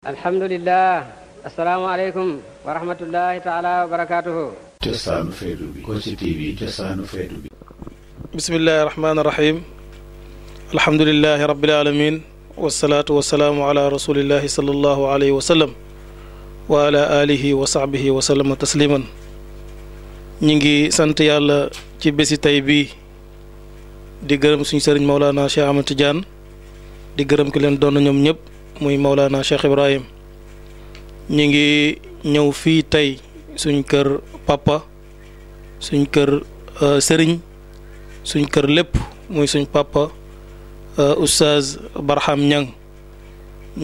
alhamdulilah asalaamaaleykum wa rahmatullahi taala wa barakaatuhu cosaanu feetu bi Kossy TV cosaanu feetu bi bismillahi rahmaani rahim alhamdulilahi rabbil alamin wasalaatu wasalaamu ala rasulillahi salallahu alayhi wa sallam wa ala alihi wa sahbihi wa sallama tasliman ñi ngi sant yàlla ci bési tey bii di gërëm suñu sëriñ Maulana Cheikh Ahmad Tidiane di gërëm ki leen doon ñoom ñëpp muy Maulana Cheikh Ibrahim ñu ngi ñëw fii tey suñ kër papa suñ kër euh, sëriñ suñ kër lépp muy suñ papa euh, oustaz Barham Niang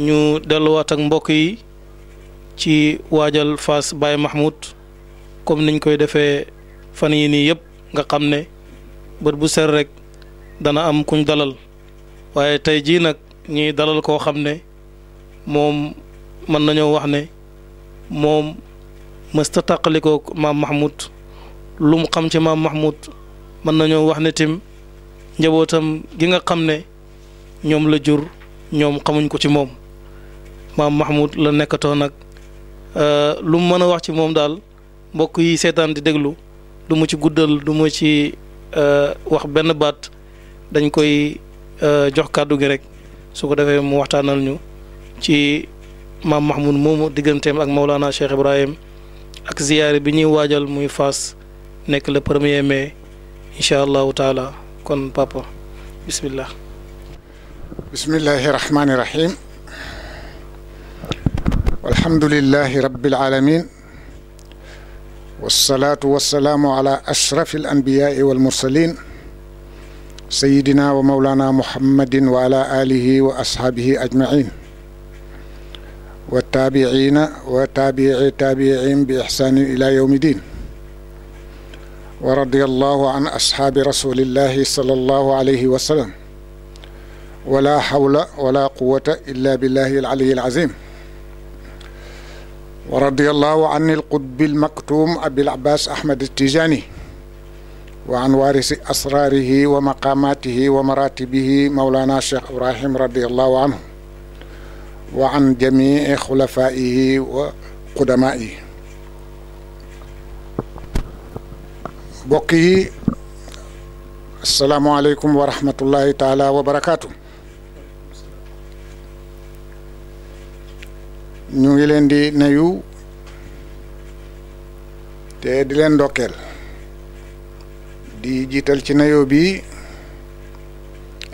ñu delluwaat ak mbokk yi ci waajal Fass Baye Mahmoud comme niñ koy defee fan yi nii yëpp nga xam ne bët bu ser rek dana am kuñ dalal waaye tey jii nag ñuy dalal koo xam ne moom mën nañoo wax ne moom mësta tàqalikoo maam Mahmoud lu mu xam ci maam Mahmoud mën nañoo wax ne tim njabootam gi nga xam ne ñoom la jur ñoom xamuñ ko ci moom maam Mahmoud la nekkatoo nag euh, lu mu mën a wax ci moom daal mbokk yi seetaan di déglu du mu ci guddal du mu ci euh, wax benn baat dañ koy euh, jox kàddu gi rek su ko defee mu waxtaanal ñu ci mam mahmoud momu digantem ak maulana cheikh ibrahim ak ziyare bi ñi wadjal muy fas nek le 1er mai inshallah taala kon papa bismillah بسم الله الرحمن الرحيم والحمد لله رب العالمين والصلاة والسلام على أشرف الأنبياء والمرسلين سيدنا ومولانا محمد وعلى آله وأصحابه أجمعين والتابعين وتابعي تابعين بإحسان إلى يوم الدين ورضي الله عن أصحاب رسول الله صلى الله عليه وسلم ولا حول ولا قوة إلا بالله العلي العظيم ورضي الله عن القطب المكتوم أبي العباس أحمد التيجاني وعن وارث أسراره ومقاماته ومراتبه مولانا الشيخ إبراهيم رضي الله عنه وعن جميع خلفائه وقدمائه بقي السلام عليكم ورحمة الله تعالى وبركاته نيو لندي نيو تي دي لين دوكل دي جيتال سي نيو بي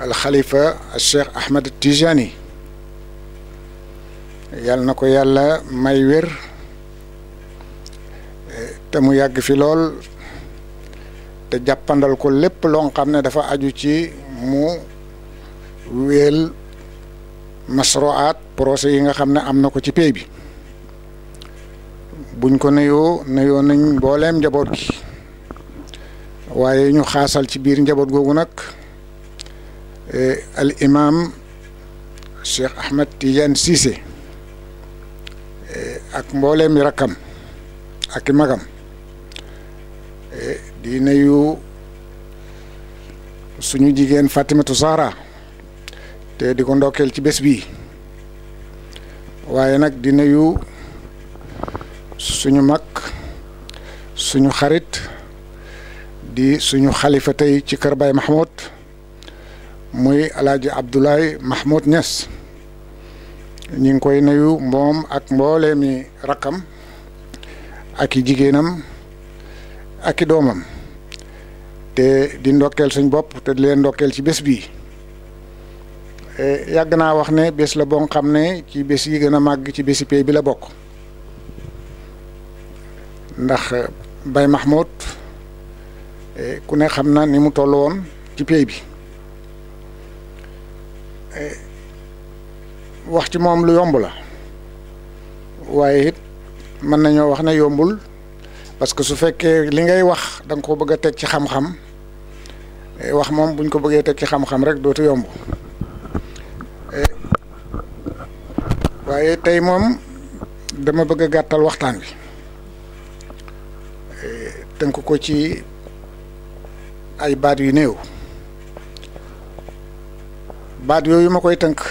الخليفه الشيخ احمد التيجاني yàlla na ko yàlla may wér te mu yàgg fi lool te jàppandal ko lépp loo xam ne dafa aju ci mu wéel masroat procès yi nga xam ne am na ko ci pay buñ ko nuyoo nuyoo nañ mbooleem njaboot gi waaye ñu xaasal ci biir njaboot googu nag eh, al imam Cheikh Ahmed Tidiane Cissé ak mbooleem i rakkam ak magam e, di nuyu suñu jigéen Fatimatu Zahra te di ko ndokkeel ci bés bi waaye nag di nuyu suñu mag suñu xarit di suñu xalifa tey ci kër Baay Mahmoud muy alaaji Abdoulaye Mahmoud Niass ñu ngi koy nuyu moom ak mboolee mi rakkam ak jigéenam aki doomam te di ndokkeel suñ bopp te di leen ndokkeel ci bés bii e, yàgg naa wax ne bés la boo xam ne ci bés yi gën a màgg ci bési pay bi la bokk ndax e, bay Mahmoud e, ku ne xam na ni mu toll woon ci pay bi wax ci moom lu yomb la waaye it mën nañoo wax ne yombul parce que su fekkee li ngay wax danga nga ko bëgg a teg ci xam-xam eh, wax moom buñ ko bëggee teg ci xam-xam rek dootu yomb eh, waaye tey moom dama bëgg a gàttal waxtaan bi eh, tënk ko ci ay baat yu néew baat yooyu ma koy tënk.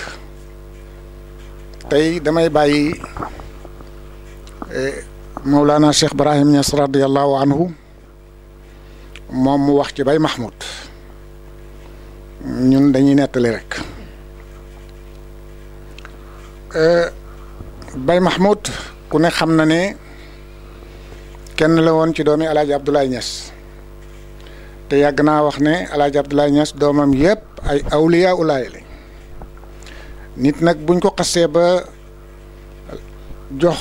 tey damay bàyyi eh, Mawlana Cheikh Ibrahim Niass radiyallahu anhu moom mu wax ci Baye Mahmoud ñun dañuy nettali rek eh, Baye Mahmoud ku ne xam na ne kenn la woon ci doomi El Hadj ñas te yàgg naa wax ne El Hadj ñas doomam yëpp ay awliyaa ulaay la nit nag buñ ko xasee ba jox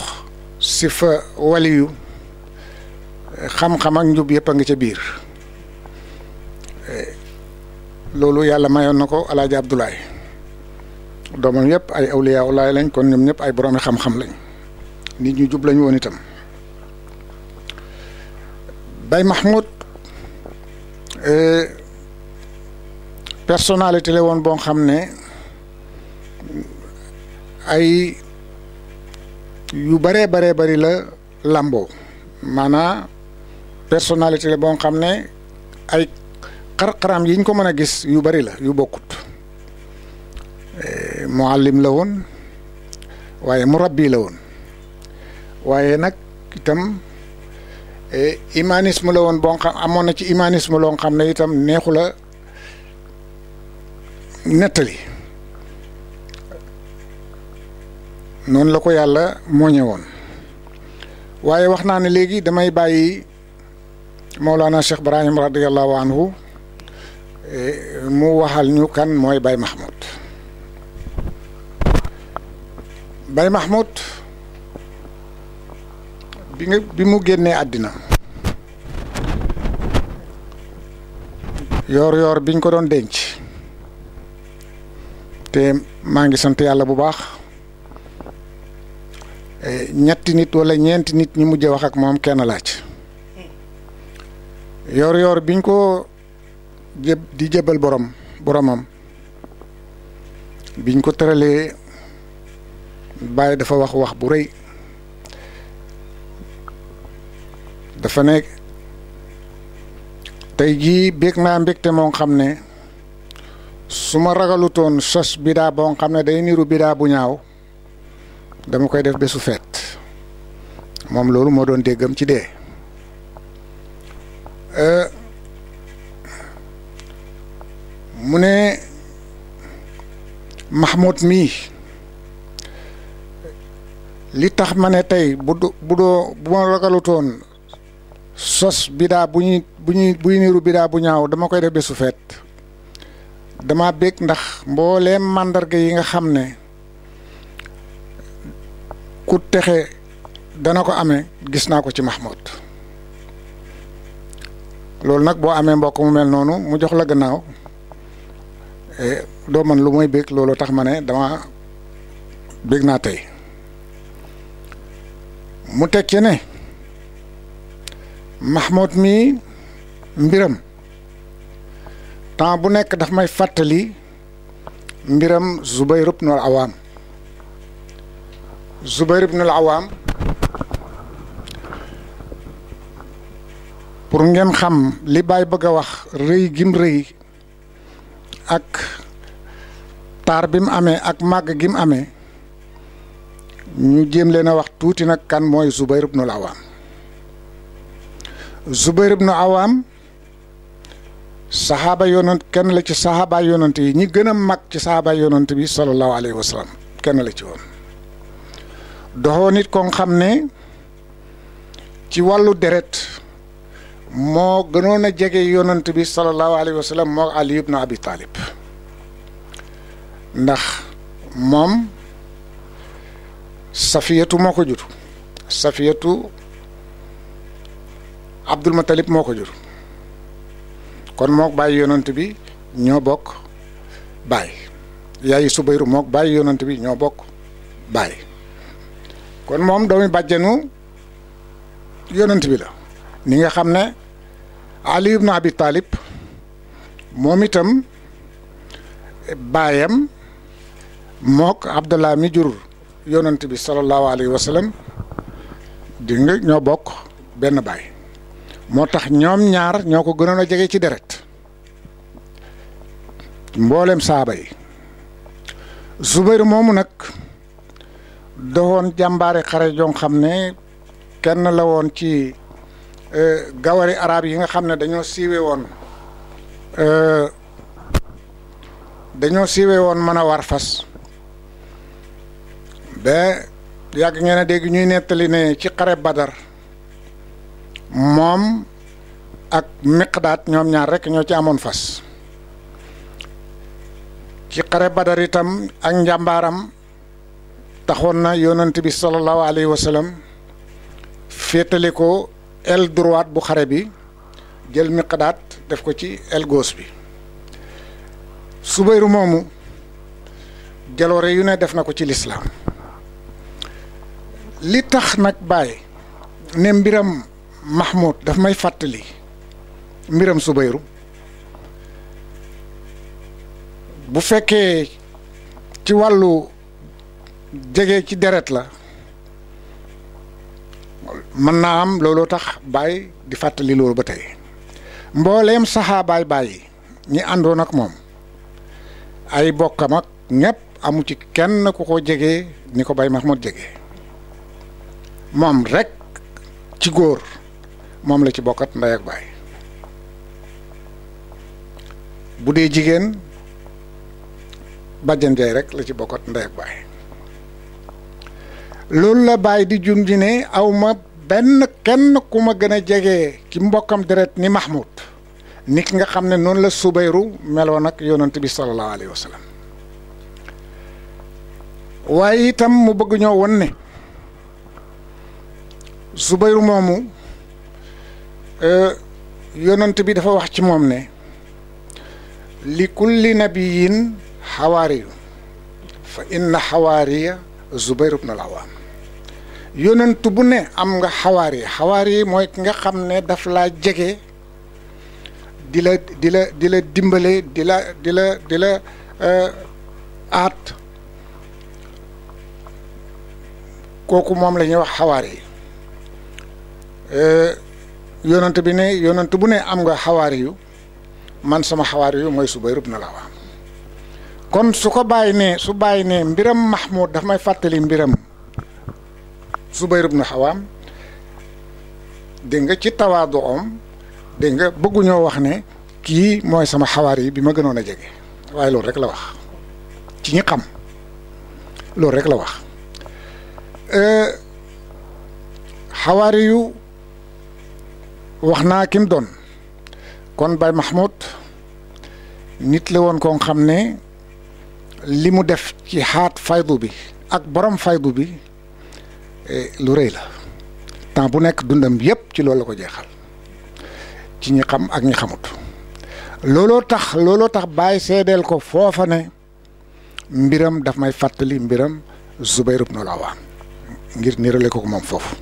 si fa waliyu xam-xam ak njub yëpp a ngi ca biir loolu yàlla mayoon na ko alaaji Abdoulaye doomam yëpp ay awliyaa ulaay lañ kon ñoom ñëpp ay boroomi xam-xam lañ nit ñu jub lañ woon itam Baye Mahmoud eh, personnalité la woon boo xam ne ay yu bare baree bari la làmboo maanaa personnalité la boo xam ne ay xar-xaram yiñ ko mën a gis yu bari la yu bokkut eh, muallim la woon waaye murabbi la woon waaye nag itam humanisme eh, la woon boo xam amoon na ci humanisme loo xam ne itam neexu la nettali noonu la ko yàlla mooñe woon waaye wax naa ne léegi damay bàyyi Mawlana Cheikh Ibrahim radiallahu anhu eh, mu waxal ñu kan mooy Baye Mahmoud Baye Mahmoud bi nga bi mu génnee àddina yoor yoor biñ ko doon denc te maa ngi sant yàlla bu baax Eh, ñetti nit wala ñeenti nit ñi mujj wax moom kenn laaj yor-yor biñ koo jëb di jëbal borom boromam biñ ko tëralee Baye dafa wax wax bu rëy dafa nekk tey jii bég naa mbégte moo xam ne su ma ragalutoon sos bidaa boo xam ne day niru bidaa bu ñaaw. dama koy def bésu feet moom loolu moo doon déggam ci dee euh, mu ne Mahmoud mii li tax ma ne tey bu bu doo bu ma ragalutoon sos bidaa bu ñuy bu ñuy buy niru bidaa bu ñaaw dama koy def bésu feet dama bég ndax mbooleem màndarga yi nga xam ne ku texe dana ko ame gis naa ko ci Mahmoud loolu nag boo amee mbokk mu mel noonu mu jox la gannaaw e, doo man lu mooy bég loolo tax ma ne dama bég naa tey mu teg ci ne Mahmoud mii mbiram temps bu nekk daf may fàttali mbiram Zubayr ibn al Awaam Zubair ibn al Awaam pour ngeen xam li baay bëgg a wax rëy gim rëy ak taar bi mu amee ak màgg gi mu amee ñu jéem leen a wax tuuti nag kan mooy Zubair ibn al Awaam Zubair ibn Awaam saxaaba yonant kenn la ci saxaaba yonant yi ñi gën a mag ci saxaaba yonant bi sallallahu alayhi wa sallam kenn la ci won doxoo nit ko xam ne ci wàllu deret moo gënoon a jege yonant bi sallallahu alayhi wa sallam moo ndax moom safiyatu moo ko jur safiyatu Abdul Muttalib moo ko jur kon mook bàyyi yonant bi ñoo bokk baay yaayi Subayru mook bàyyi yonant bi ñoo bokk baay kon moom doomi bàjjanu yonent bi la ni nga xam ne ali ibn abi moom itam baayam mook abdallah mi jur yonent bi sallallahu alayhi wa sallam nga ñoo bokk benn baay moo tax ñoom ñaar ñoo ko gënoon a jege ci deret mboolem saaba yi Zubayr moomu nag doxoon jàmbaari xare joo xam ne kenn la woon ci euh, gawari arab yi nga xam ne dañoo siiwe woon euh, dañoo siiwe woon mën a war fas ba yàgg ngeen a dégg ñuy nettali ne ci xare badar moom ak miqdaat ñoom ñaar rek ñoo ci amoon fas ci xare badar itam ak njàmbaaram taxoon na yonent bi sallallahu alayhi wa sallam féetale ko aile droite bu xare bi jël miqdaad def ko ci aile gauche bi subayru moomu jaloore yu ne def na ko ci lislaam li tax nag bàyyi ne mbiram Mahmoud daf may fàttali mbiram subayru bu fekkee ci wàllu jege ci deret la mën naa am looloo tax baay di fàttali loolu ba tey mbooleem saxaabaay Baye ñi àndoon ak moom ay bokkam ak ñépp amu ci kenn ku ko jege ni ko bay Baye Mahmoud jege moom rekk ci góor moom la ci bokkat ndey ak bu dee jigéen bàjjan jaay rek la ci bokkat ndey ak loolu la bàyyi di junj ne aw ma benn kenn ku ma gën a jege ci mbokkam deret ni Mahmoud nit ki nga xam ne noonu la Subayru meloon ak yoonant bi sallallahu alayhi wa sallam waaye itam mu bëgg ñoo won ne Subayru moomu euh, yonent bi dafa wax ci moom ne li kulli nabiyin xawaariyu fa inna xawaariya Zubayru bnu al yonent bu ne am nga xawaar yi xawaar yi mooy ki nga xam ne daf laa jege di la di la di la dimbale di la di la di la euh, aat kooku moom la ñuy wax xawaar yi euh, yonent bi ne yonent bu ne am nga xawaar yu man sama xawaar yu mooy Subayr ibn Awwam kon su ko bàyyi ne su bàyyi ne mbiram max moo daf may fàttali mbiram Zubayr ibn Xawaam dégg nga ci tawaadu om dégg nga bëgguñoo wax ne kii mooy sama xawaar yi bi ma gënoon a jege waaye loolu rek la wax ci ñi xam loolu rek la wax euh, xawaari yu wax naa kim doon kon Baye Mahmoud nit la woon koo xam ne li mu def ci xaat faydu bi ak boroom faydu bi Eh, lu rëy la temps bu nekk dundam yépp ci loolu la ko jeexal ci ñi xam ak ñi xamut looloo tax looloo tax bàyyi seedeel ko foofa ne mbiram daf may fàttali mbiram Zubayr ibn Al-Awwam ngir nirale ko ko moom foofu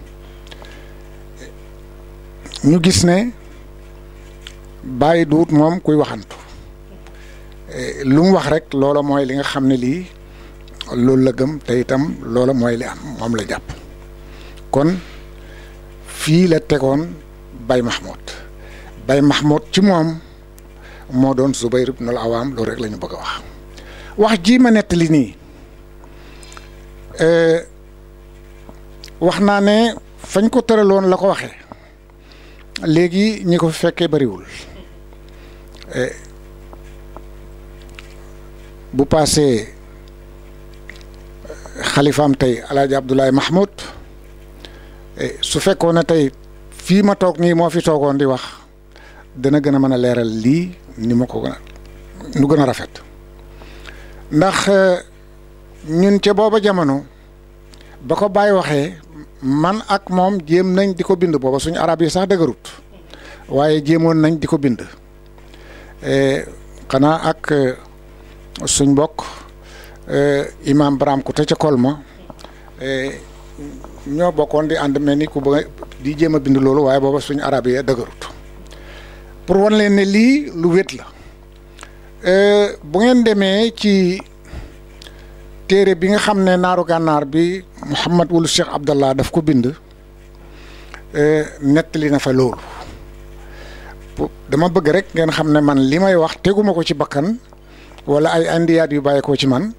ñu gis ne bàyyi duut moom kuy waxantu eh, lu mu wax rek loola mooy li nga xam ne lii loolu la gëm te itam loola mooy li am moom la jàpp kon fii la tegoon Baye Mahmoud Baye Mahmoud ci moom moo doon Zubayr ibnul Awaam loolu rek la bëgg a wax wax jii ma nettali nii eh, wax naa ne fañ ko tëraloon la ko waxee léegi ñi ko fekkee bariwul eh, bu paasee xalifaam tey El Hadj Abdoulaye Eh, su fekkoon ne tey fii ma toog nii moo fi toogoon di wax dana gën a mën a leeral lii ni ma ko gën a nu gën a rafet ndax eh, ñun ca booba jamono ba ko bàyyi waxee man ak moom jéem nañ di ko bind booba suñu arab yi sax dëgërut waaye jéemoon nañ di ko bind eh, xanaa ak suñ mbokk imam Bram ku te ca Kolma ñoo bokkoon di ànd mel ni ku bëgg di jéem a bind loolu waaye booba suñu arab yi dëgërut pour wan leen ne lii lu wét la euh, bu ngeen demee ci téere bi nga xam ne naaru gànnaar bi Mouhamad wul Cheikh Abdallah daf ko bind euh, nettali na fa loolu dama bëgg rek ngeen xam ne man li may wax teguma ko ci bakkan wala ay andiyaat yu bàyyeekoo ci man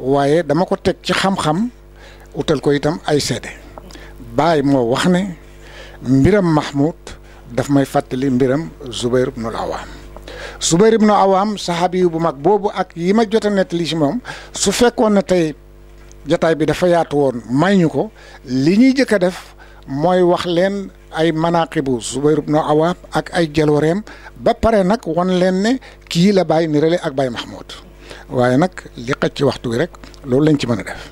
waaye dama ko teg ci xam-xam utal ko itam ay seede Baye moo wax ne mbiram Mahmoud daf may fàttali mbiram Zubair ibnul Awaam Zubair ibnul Awaam saxaabi yu bu mag boobu ak yi ma jot a nettali moom su fekkoon ne tey jataay bi dafa yaatu woon mayñu ko li ñuy jëkk a def mooy wax leen ay manaaqibu Zubair ibnul Awaam ak ay jalooreem ba pare nag won leen ne kii la bàyyi nirale ak Baye Mahmoud waaye nag li xaj ci waxtu bi rek loolu lañ ci mën a def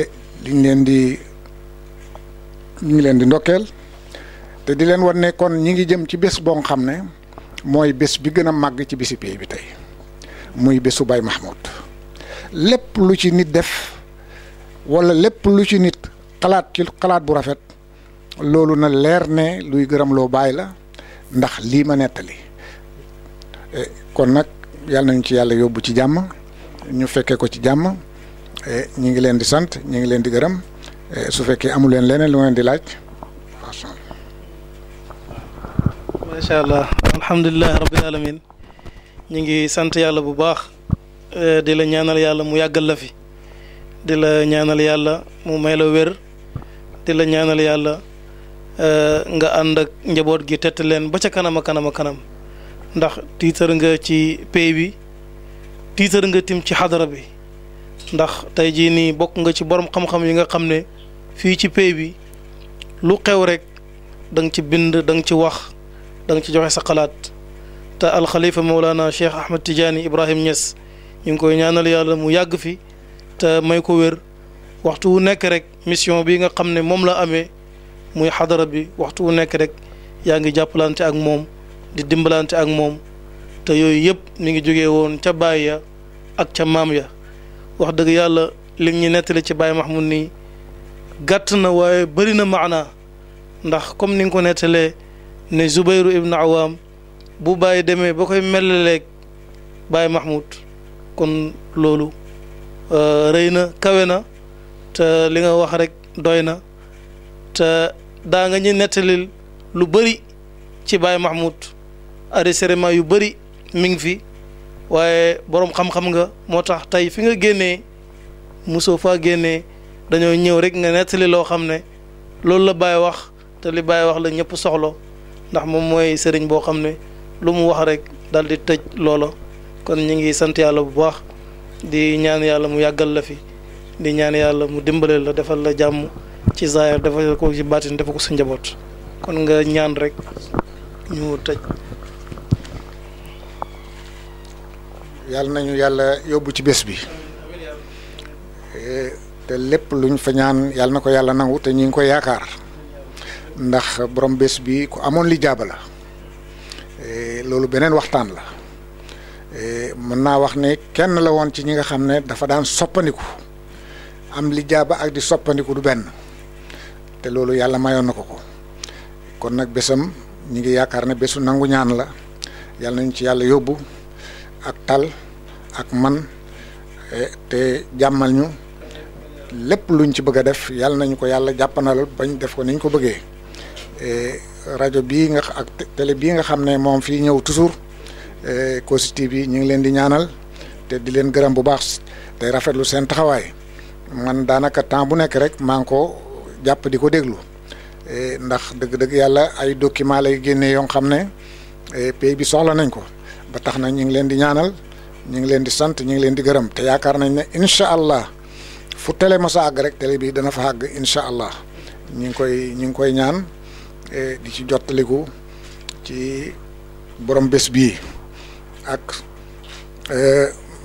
eh, liñ leen di. ñu ngi leen di ndokkeel te di leen wan ne kon ñi ngi jëm ci bés boo xam ne mooy bés bi gën a màgg ci bisi pay bi tey muy bésu Baye Mahmoud lépp lu ci nit def wala lépp lu ci nit xalaat ci xalaat bu rafet loolu na leer ne luy gërëm loo baay la ndax lii ma nettali e, kon nag yàlla nañu ci yàlla yóbbu ci jàmm ñu fekkee ko ci jàmm e, ñu ngi leen di sant ñu ngi leen di gërëm Eh, su fekkee amu leen leneen lu ngeen di laaj. macha allah alhamdulilah rabbil alamin ñu ngi sant yàlla bu baax eh, di la ñaanal yàlla mu yàggal la fi di la ñaanal yàlla mu may la wér di la ñaanal yàlla eh, nga ànd njaboot gi tett leen ba ca kanam a kanam a kanam ndax tiitar nga ci pay bi tiitar nga tim ci xadara bi ndax tey jii nii bokk nga ci borom xam-xam yi nga xam ne. fii ci pay bi lu xew rek da ci bind da ci wax da ci joxe sa xalaat te alxalifa Mawlana Cheikh Ahmed Tidiane Ibrahim Niass ñu ngi koy ñaanal yàlla mu yàgg fi te may ko wér waxtu wu nekk rek mission bi nga xam ne moom la amee muy xadara bi waxtu wu nekk rek yaa ngi jàppalante ak moom di dimbalante ak moom te yooyu yëpp mu ngi jógee woon ca baay ya ak ca maam ya wax dëgg yàlla lim ñu nettali ci Baay Mahmoud nii gàtt na waaye bëri na maana ndax comme ni nga ko nettalee ne Zubayru ibn Awaam bu bàyyi demee boo koy melaleeg Baye Mahmoud kon loolu euh, rëy na kawe na te li nga wax rek doy na te daa nga ñu nettalil lu bari ci Baye Mahmoud enregistrement yu bari mi ngi fi waaye boroom xam-xam nga moo tax tey fi nga génnee mosoo faa génnee. dañoo ñëw rek nga nettali loo xam ne loolu la Baye wax te li Baye wax la ñëpp soxlo ndax moom mooy sëriñ boo xam ne lu mu wax rek dal di tëj loolo kon ñu ngi sant yàlla bu baax di ñaan yàlla mu yàggal la fi di ñaan yàlla mu dimbale la defal la jàmm ci zaahir defal ko ci baatin defal ko sa njaboot kon nga ñaan rek ñu tëj. yàlla nañu yàlla yóbbu ci bés bi. te lepp luñ fa ñaan yalla nako yalla nangu te ñi ngi ko yaakar ndax borom bes bi ku amoon li jabala e loolu beneen waxtaan la e, mën naa wax ne kenn la won ci ñi nga xamne dafa daan am li jaba ak di sopaniku du ben te lolu yalla mayon nako ko ko kon nak besam ñi ngi yaakar ne besu nangu ñaan la yalla ñu ci yalla yobbu ak tal ak man e, te jamal ñu lépp luñ ci bëgg a def yàlla nañu ko yàlla jàppanal bañ def ko niñ ko bëggee euh, rajo bii nga ak télé bii nga xam ne moom fii ñëw toujours euh, Kossy TV ñu ngi leen di ñaanal te di leen gërëm bu baax tey rafetlu seen taxawaay man daanaka temps bu nekk rek maa ngi ko jàpp di ko déglu ndax dëgg-dëgg yàlla ay document lay génne yoo xam ne e, pays bi soxla nañ ko ba tax na ñu ngi leen di ñaanal ñu ngi leen di sant ñu ngi leen di gërëm te yaakaar nañ ne incha allah. fu télé ma sa àgg rek télé bi dana fa àgg incha allah ñu ngi koy ñu ngi koy ñaan e, di ci jottaliku ci borom bés bi ak e,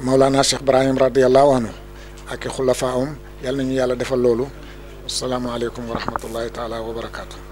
Maulana Cheikh Ibrahim radiallahu anhu ak i xulafaam um. yàlla ñu yàlla defal loolu asalaamaaleykum wa rahmatullahi taala wa barakaatu.